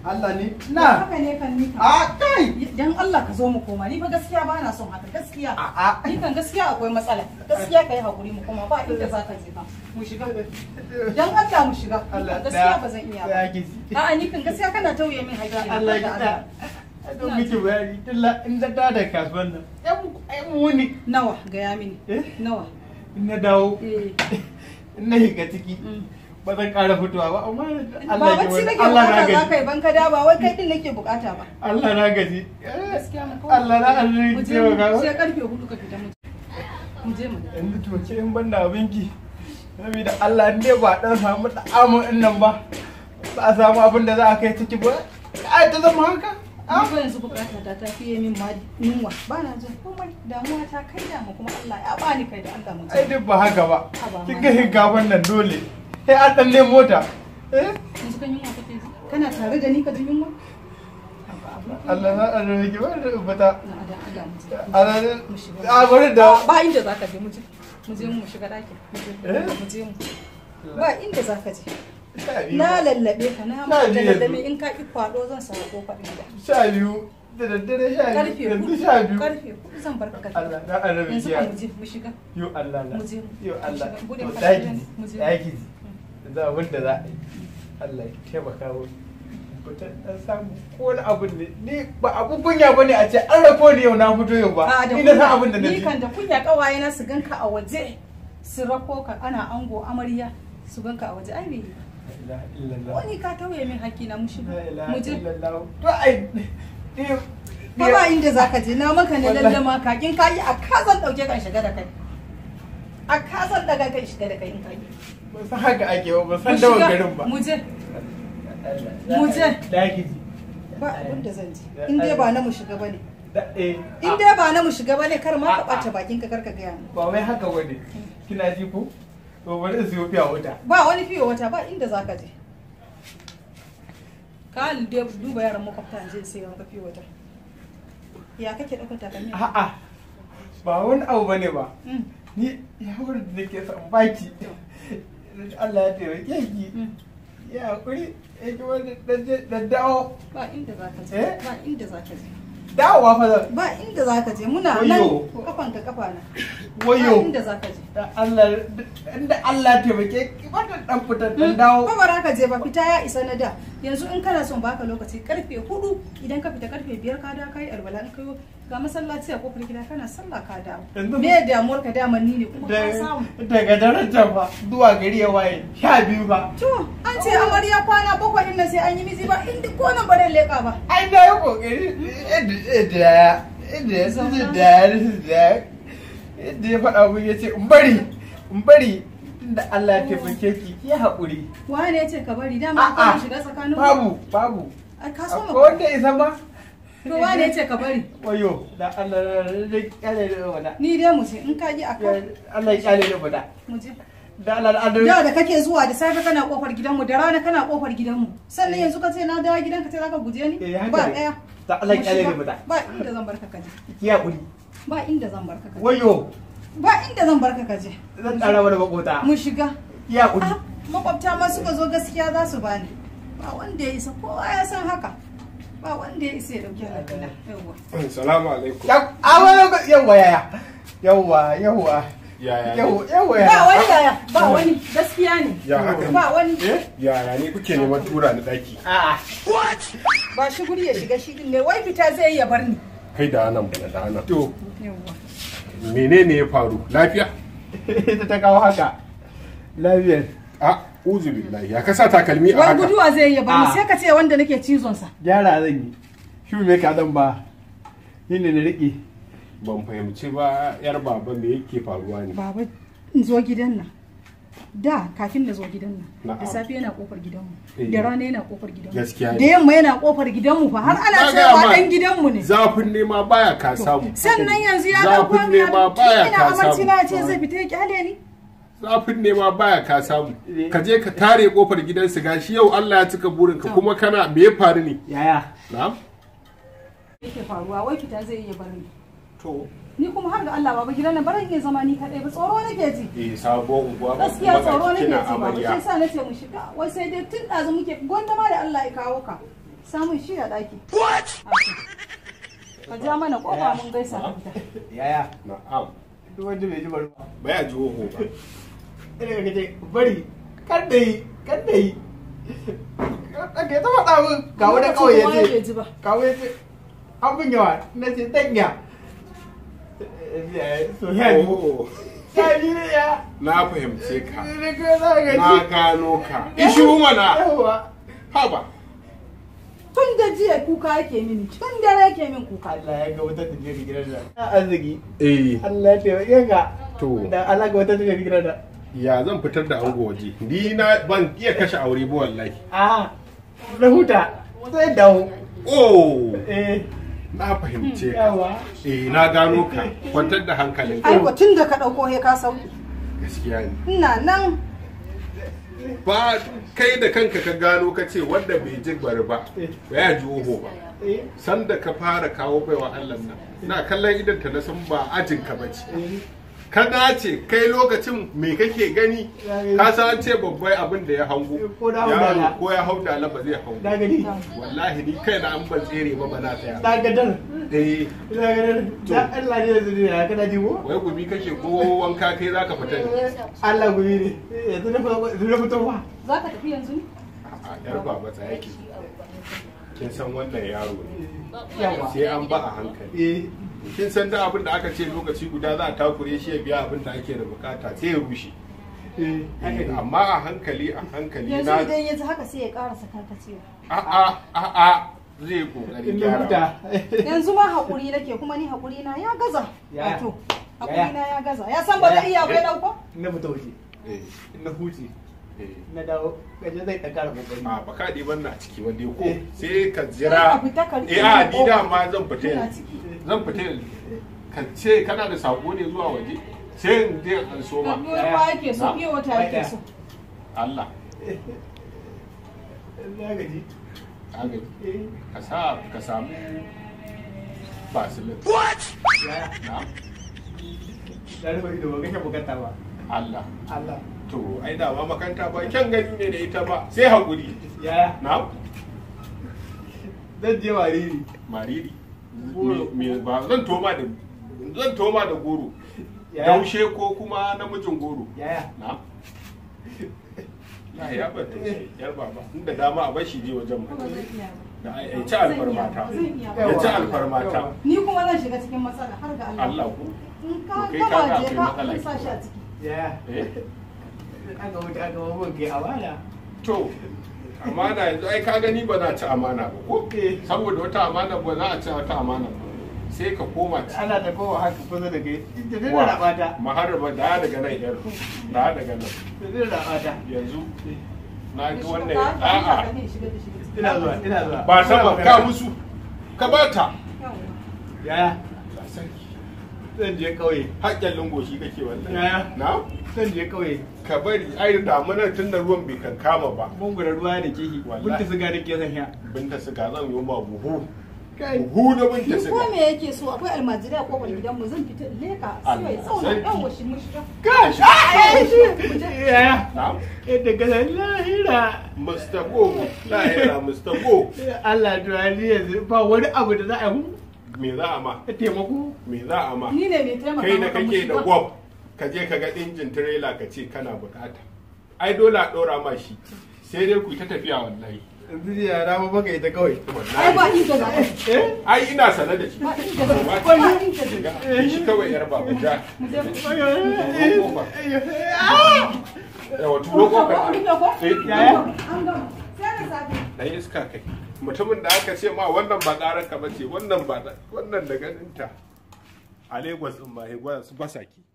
Allah ne? Na. Haka ne kan ni A kai. Dan Allah ka zo mu koma. Ni ba gaskiya ba na son haka gaskiya. A a. Ni kan gaskiya akwai matsala. Gaskiya kai hakuri mu koma ba inda za ka je Mu shiga. Dan Allah mu shiga. Allah gaskiya ba zan iya ba. A a ni kan gaskiya kana tauye min hakki. Allah ya da. Don miki bayani tilla in da da kasuwan nan. Ai mu wuni. Nawa ga ya mini. Eh? Nawa. In na dawo. Eh. In na shiga ciki. Mm. ba zan ƙara fitowa ba amma Allah ya wani Allah na gaji ba ban ka da ba wai kai din nake bukata ba Allah na gaji eh, Allah na arziki cewa ga sai karfe 4 ka fita mu je mu in banda abinki Allah ne ba dan samu nan ba ba a samu abin da za a kai ciki ba ai ta zama haka Ni yanzu bukata ta ta fiye min ma yunwa ba na jin komai damuwa ta kai kuma Allah ya bani kai da Allah Ai duk ba haka ba. Kin ga gaban nan dole. sai an mota eh? kana tare da ni ka yunwa Allah na ɗan rage ba da ubata. A ranar a da. Ba inda za ka je mu shiga ɗakin. Eh? mu. Ba inda za ka je. Na lallabe ka na ma da lallabe in ka ki kwado zan sa ko faɗin da. Sha biyu. Da daddare sha biyu. Karfe hudu. Sha biyu. Karfe hudu zan bar ka Allah na ɗan rage. Yanzu ka mu je mu shiga. Yo Allah na. Mu mu. Allah. yanzu abin da za a yi Allah ya taimaka wa fitar an samu ko wani abu ne ni ba abu kunya ba ne a ce an rako ni yau na fito yau ba ni na san abin da na ji kan da kunya kawaye na su ganka a waje su rako ka ana ango amarya su ganka a waje ai me wani ka tauye min haƙƙi na mushi mu je to ai ba ba inda zaka je na maka ne lallama ka kin kai a kazan dauke kan shiga da kai a kazan daga kai shiga da kai in kai ba san haka ake ba ba san dawa garin ba muje muje daki ba wanda zan ji in dai ba na mu shiga bane eh, in dai ba na mu shiga bane kar ma ka bata bakin ka kar ka gaya ba wai haka bane hmm. kina ji ko to bari su yi fiya wata ba wani fiya wata ba inda zaka je ka duba yaran makwabta je sai maka fiya wata ya kake ɗaukar takalmi a'a ba wani abu bane ba hmm. ni ya da nake son baki Allah ya taimake ki mm. ya hakuri ya ki da dawo. ba inda za ka je eh? ba inda za ka je dawowa fa ba inda za ka je muna nan kafanka kafa na wayo ba inda za ka je Allah inda Allah taimake ki wannan dan fitar dan dawo ba bara ka je ba fita ya isa na da yanzu in kana son baka lokaci karfe 4 idan ka fita karfe 5 ka da kai alwala in kayo ga masallaci a kofar gida kana sallah ka dawo me damuwar ka dama ni ne kuma ka samu daga darajar ba zuwa gari ya waye sha biyu ba to an ce amarya kwana bakwai din sai an yi miji ba in ko nan ba dan leka ba ai da yi kokari da da da da da yadda ya faɗa mun ya ce in bari in bari Allah ya taimake ki ya haƙuri wane ya ce ka bari dama ka shiga tsakanin babu babu ka so mu wanda isa ba to wane ya ce ka bari wayo da Allah da kyale da wada ni dai mu ce in ka ji akan Allah ya kyale da wada mu je da da da kake zuwa da safe kana kofar gidanmu da rana kana kofar gidanmu sannan eh. yanzu ka ce na dawo gidanka sai zaka guje ni eh, ba ɗaya da Allah ya da wada ba inda zan barka ka je ba inda zan barka ka wayo ba inda zan barka ka je zan tsara wani makota mu shiga ya kuɗi. Ah, makwabta ma suka zo gaskiya za su bani ba wanda ya isa kowa ya san haka ba wanda ya isa ya dauki halakina yawa eh, salamu alaikum yawwa yaya yawa yawa yaya ba wani gaskiya ne ba wani eh, yaya ne kuke neman tura ni daki ba shi guri ya shiga shi ne wai fita zai ya bar ni kai da nan bana da nan to menene ya faru lafiya ita ta kawo haka lafiyar a uzu billahi ya kasa takalmi a haka wani guduwa zai yi ba sai ka ce wanda nake cizon sa gyara zan yi shi me ka dan ba ni ne rike ban fahimci ba yar baba me yake faruwa ne baba in zo gidan nan da kafin na zo gidan nan da safe yana kofar gidanmu eh. da rana yana kofar gidanmu da yamma yana kofar gidanmu fa har ana cewa dan gidanmu ne zafin nema baya ka samu sannan yanzu ya dauko zafin nema baya ka samu ina ce zai fita ya kyale ni zafin nema baya ka samu eh. ka je ka tare kofar gidan su gashi yau Allah ya cika burin ka kuma kana me ya faru ne yaya na'am yake faruwa wai fita zai iya barin to ni kuma har ga Allah baba gidan nan baran iya zama ni kadai ba tsoro nake ji eh sabo unguwa gaskiya tsoro nake ji ba shi na nace mu shiga wai sai dai tun dazu muke gonda ma da Allah ya kawo ka samun shi a daki what ka ja mana kofa mun gaisa yaya na'am duk wanda bai ji bari ba baya ji hoho ba ina ga kace bari kar dai kar dai ka ta faɗa min kawo da kawai yace ya yace abin yawa ce danya na fahimce ka na gano ka ishu mana haba tun da jiya kuka yake mini tun dare yake min kuka Allah ya ga wata tafiya ga gidan da arziki eh Allah ya taimake ka to da Allah ga wata tafiya ga gidan da ya zan fitar da ango waje ni na ban iya kashe aure ba wallahi a ah. na huta sai dawo oh eh na fahimce hmm, ka eh na gano ka kwantar da hankalin ai ko tun da ka dauko he ka sauki gaskiya ne ina nan ba kai da kanka ka gano ka ce wanda bai ji bari eh. ba ya ji oho ba eh. san da ka fara kawo baiwa Allah nan na kallon idan ta na san ba ajin ka bace eh. ka dace kai lokacin me kake gani ka san ce babbai abin da ya hango yaro ko ya hau dala ba zai hau wallahi ni kai na an ban tsere ba bana ta tsaya dagadan eh dagadan da Allah ne zai ne ka daji ko wai gumi kake ko wanka kai zaka fita ne Allah gumi ne eh, yanzu na fito na fito ba zaka tafi yanzu a yar baba ta yake kin san wannan yaro ne sai an ba a hankali eh kin san da abin da aka ce lokaci guda za a takure shi ya biya abin da ake da bukata sai ya rushe eh, eh, eh. amma a hankali a hankali na yanzu idan yanzu haka sai ya karasa a a'a a'a zai kokarin gyara yanzu ma haƙuri nake kuma ni haƙuri na ya gaza wato haƙuri na ya gaza ya san ba zai iya bai dauko na fita waje na huce na dawo kaje zai ta ba kokari a baka ban na ciki wanda ko sai ka jira eh a ni da ma zan fita yanzu zan fita ka ce kana da sako ne zuwa waje sai in je an so ma ake so wata ake so Allah ka sa ka samu what na da ido ba bukata ba Allah Allah to ai da ba makanta ba kyan gani ne da ita ba sai hakuri ya na zan je mariri mariri me ba zan toma da zan toma da goro daushe ko kuma namijin goro na ya bata yar baba inda dama a bashi je wajen mu da ci alfarmata ya ci alfarmata ni kuma zan shiga cikin matsala har ga Allah ku in ka ka je ka sa shi a ciki ya eh? ga wuta ga ke awala to amana yanzu ai ka gani ba za ci amana ba ko saboda wata amana ba za a ci wata amana ba sai ka koma ci ana da kowa haka kuma da ke da da rabata maharba da daga nan yar da daga nan da rabata yanzu eh. na ga wannan a'a ina zuwa ina zuwa ba saboda ka musu ka bata yaya sarki zan je kauye haƙƙin lungo kake kake wallahi na zan je kauye ka bari ai damuna tun da ruwan bai kankama ba bungura ruwa da wallahi bunta siga da ke sanya bunta siga zan yi ma buhu buhu da bunta siga ko me yake so akwai almajiri a kofar gidan mu zan fita leka sai tsauna dan washi mushiga gashi ya yadda ka san lahira mustago lahira mustago Allah duwani yanzu ba wani abu da za a yi me za a ma me za a ma ni kai da kake da gwab ka je ka ga injin tirela ka ce kana bukata ai dole a dora ma shi sai dai ku ta tafiya wallahi yanzu ya rama baka kawai mutumin da aka ce ma wannan ba ƙararka ba ce wannan ba wannan da ganinta a lagos ɗin ma hegwara su basaki